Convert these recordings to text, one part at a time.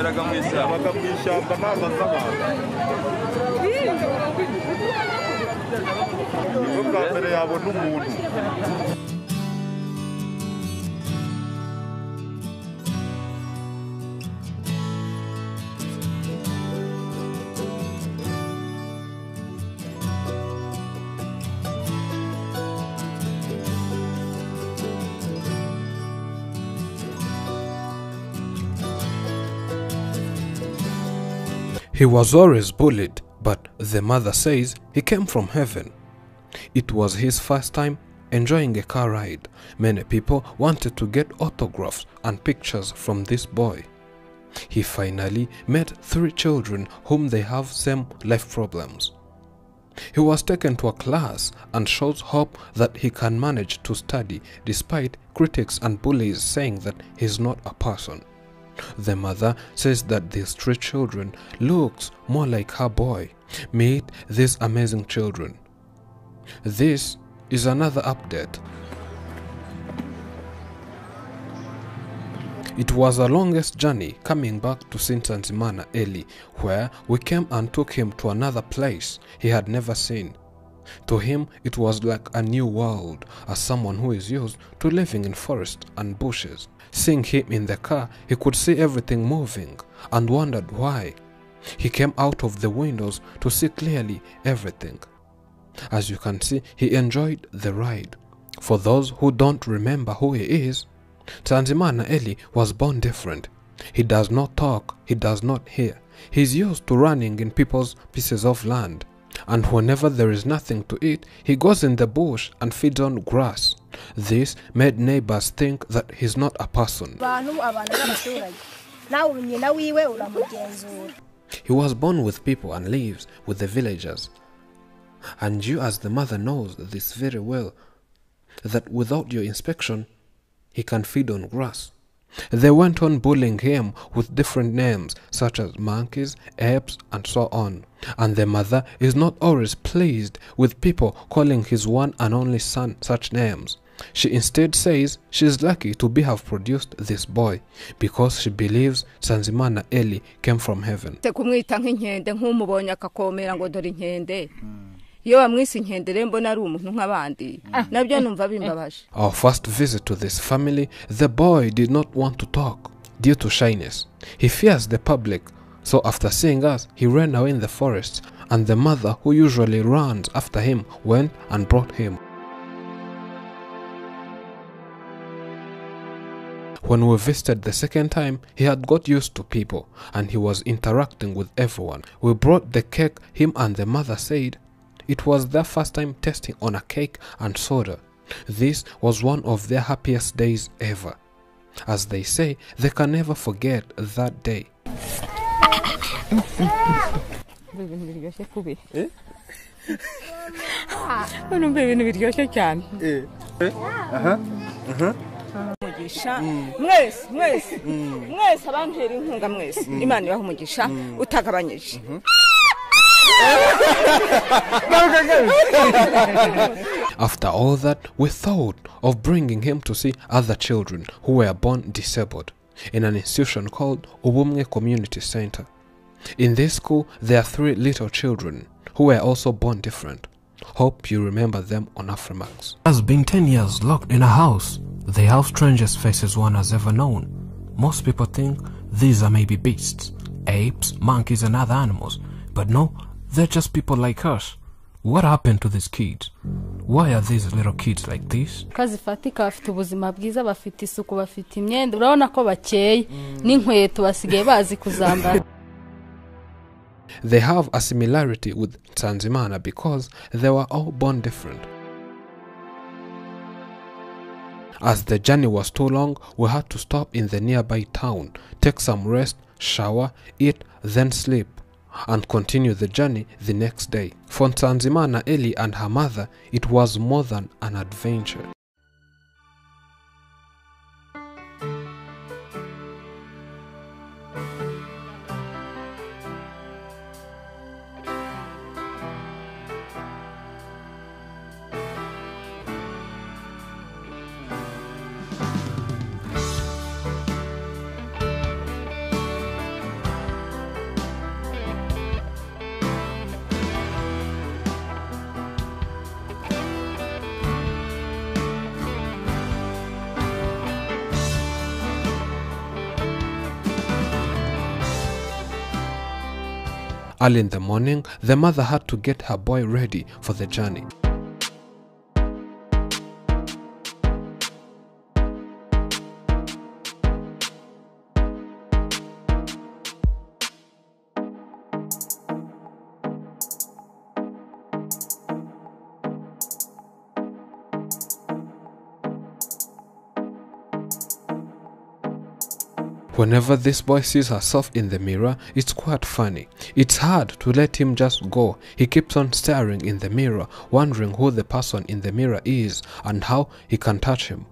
yeraga mu ishyamba yabaga mu ishyamba amazi aza abantu ni bwo bwa mbere yabona umuntu He was always bullied, but the mother says he came from heaven. It was his first time enjoying a car ride. Many people wanted to get autographs and pictures from this boy. He finally met three children whom they have same life problems. He was taken to a class and shows hope that he can manage to study despite critics and bullies saying that he's not a person. The mother says that these three children looks more like her boy. Meet these amazing children. This is another update. It was the longest journey coming back to Sintanzimana early, where we came and took him to another place he had never seen. To him, it was like a new world, as someone who is used to living in forests and bushes. Seeing him in the car, he could see everything moving and wondered why. He came out of the windows to see clearly everything. As you can see, he enjoyed the ride. For those who don't remember who he is, Tanzimana Eli was born different. He does not talk, he does not hear. He's used to running in people's pieces of land and whenever there is nothing to eat, he goes in the bush and feeds on grass. This made neighbors think that he's not a person. He was born with people and lives with the villagers. And you as the mother knows this very well, that without your inspection, he can feed on grass. They went on bullying him with different names, such as monkeys, apes, and so on. And the mother is not always pleased with people calling his one and only son such names. She instead says she is lucky to be have produced this boy because she believes Sanzimana Eli came from heaven iyo mbona ari umuntu nk'abandi mm. ah. nabyo numva bimbabaje our first visit to this family the boy did not want to talk due to shyness he fears the public so after seeing us he ran away in the forest and the mother who usually runs after him went and brought him When we visited the second time, he had got used to people and he was interacting with everyone. We brought the cake, him and the mother said it was their first time testing on a cake and soda. This was one of their happiest days ever. As they say, they can never forget that day. mwese mwese mwese imana mm. utagabanyije mm-hmm. After all that, we thought of bringing him to see other children who were born disabled in an institution called Ubumge Community Center. In this school, there are three little children who were also born different. Hope you remember them on Afrimax. Has been 10 years locked in a house, the have strangest faces one has ever known. Most people think these are maybe beasts, apes, monkeys and other animals, but no, they're just people like us. What happened to these kids? Why are these little kids like this? kazi fatika ubuzima bwiza bafite isuku bafite imyenda urabona ko bakeye mm. n'inkweto basigaye bazi kuzambara They have a similarity with Tanzimana because they were all born different. As the journey was too long, we had to stop in the nearby town, take some rest, shower, eat, then sleep. and continue the journey the next day. For Nsanzima Eli and her mother, it was more than an adventure. Early in the morning, the mother had to get her boy ready for the journey. Whenever this boy sees herself in the mirror, it's quite funny. It's hard to let him just go. He keeps on staring in the mirror, wondering who the person in the mirror is and how he can touch him.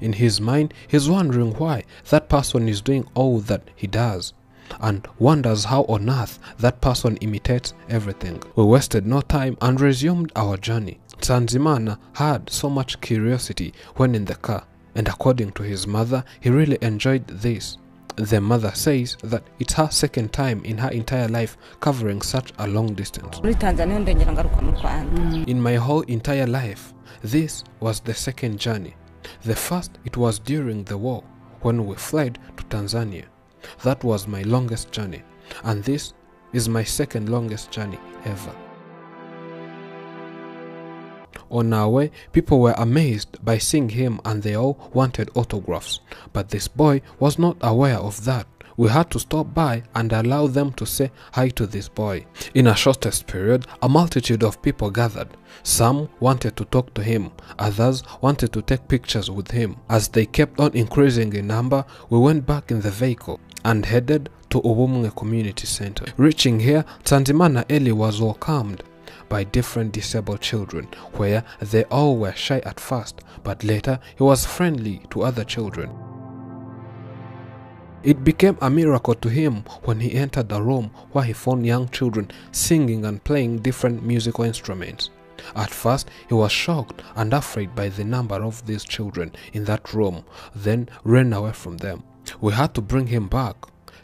In his mind, he's wondering why that person is doing all that he does and wonders how on earth that person imitates everything. We wasted no time and resumed our journey. Tanzimana had so much curiosity when in the car, and according to his mother, he really enjoyed this. the mother says that it's her second time in her entire life covering such a long distance. Mm. In my whole entire life, this was the second journey. The first, it was during the war when we fled to Tanzania. That was my longest journey, and this is my second longest journey ever. On our way, people were amazed by seeing him and they all wanted autographs. But this boy was not aware of that. We had to stop by and allow them to say hi to this boy. In a shortest period, a multitude of people gathered. Some wanted to talk to him, others wanted to take pictures with him. As they kept on increasing in number, we went back in the vehicle and headed to Ubumwe Community Center. Reaching here, Tanzimana Eli was welcomed by different disabled children, where they all were shy at first, but later he was friendly to other children. It became a miracle to him when he entered the room where he found young children singing and playing different musical instruments. At first, he was shocked and afraid by the number of these children in that room, then ran away from them. We had to bring him back,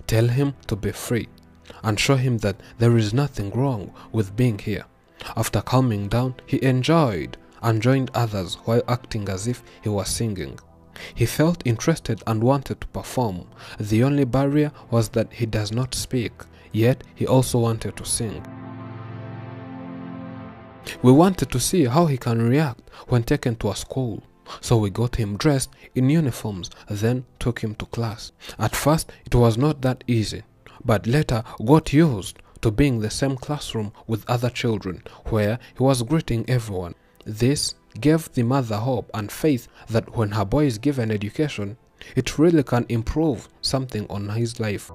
tell him to be free, and show him that there is nothing wrong with being here. After calming down, he enjoyed and joined others while acting as if he was singing. He felt interested and wanted to perform. The only barrier was that he does not speak, yet he also wanted to sing. We wanted to see how he can react when taken to a school. So we got him dressed in uniforms, then took him to class. At first, it was not that easy, but later got used to being the same classroom with other children, where he was greeting everyone. This gave the mother hope and faith that when her boy is given education, it really can improve something on his life.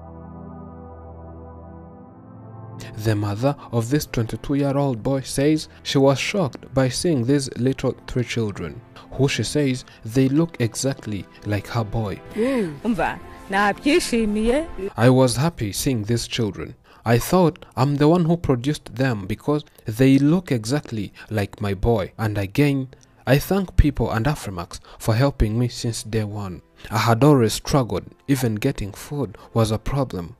The mother of this 22 year old boy says she was shocked by seeing these little three children, who she says they look exactly like her boy. Hmm. I was happy seeing these children. I thought I'm the one who produced them because they look exactly like my boy. And again, I thank people and Afrimax for helping me since day one. I had always struggled, even getting food was a problem.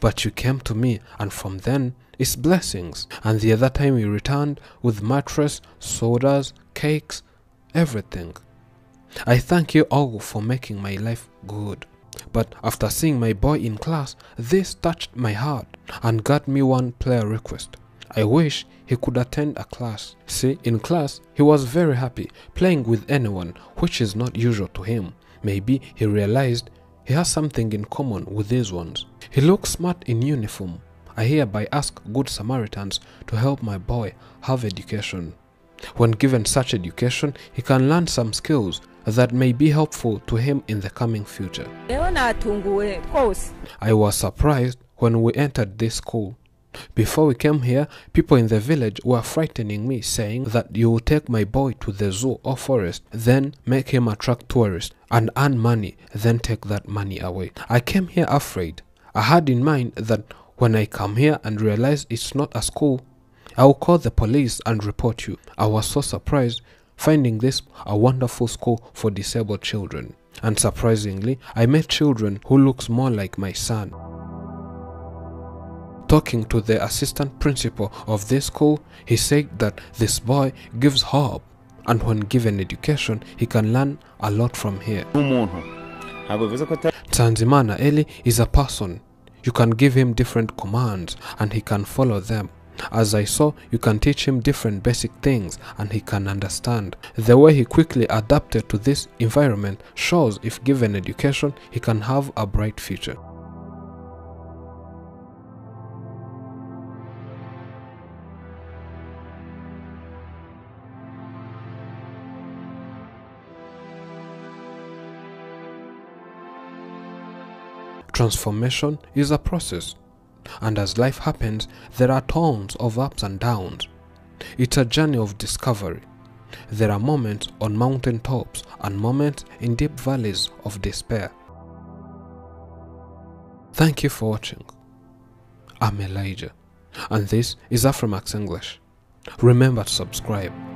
But you came to me, and from then, it's blessings. And the other time you returned with mattress, sodas, cakes, everything. I thank you all for making my life good. But after seeing my boy in class, this touched my heart and got me one player request. I wish he could attend a class. See, in class, he was very happy playing with anyone, which is not usual to him. Maybe he realized he has something in common with these ones. He looks smart in uniform. I hereby ask good Samaritans to help my boy have education. When given such education, he can learn some skills that may be helpful to him in the coming future. I was surprised when we entered this school. Before we came here, people in the village were frightening me, saying that you will take my boy to the zoo or forest, then make him attract tourists and earn money, then take that money away. I came here afraid. I had in mind that when I come here and realize it's not a school, I will call the police and report you. I was so surprised finding this a wonderful school for disabled children. And surprisingly, I met children who looks more like my son. Talking to the assistant principal of this school, he said that this boy gives hope and when given education, he can learn a lot from here. Tanzimana Eli is a person. You can give him different commands and he can follow them. As I saw, you can teach him different basic things and he can understand. The way he quickly adapted to this environment shows if given education, he can have a bright future. Transformation is a process and as life happens, there are tons of ups and downs. It's a journey of discovery. There are moments on mountain tops and moments in deep valleys of despair. Thank you for watching. I'm Elijah, and this is Aframax English. Remember to subscribe.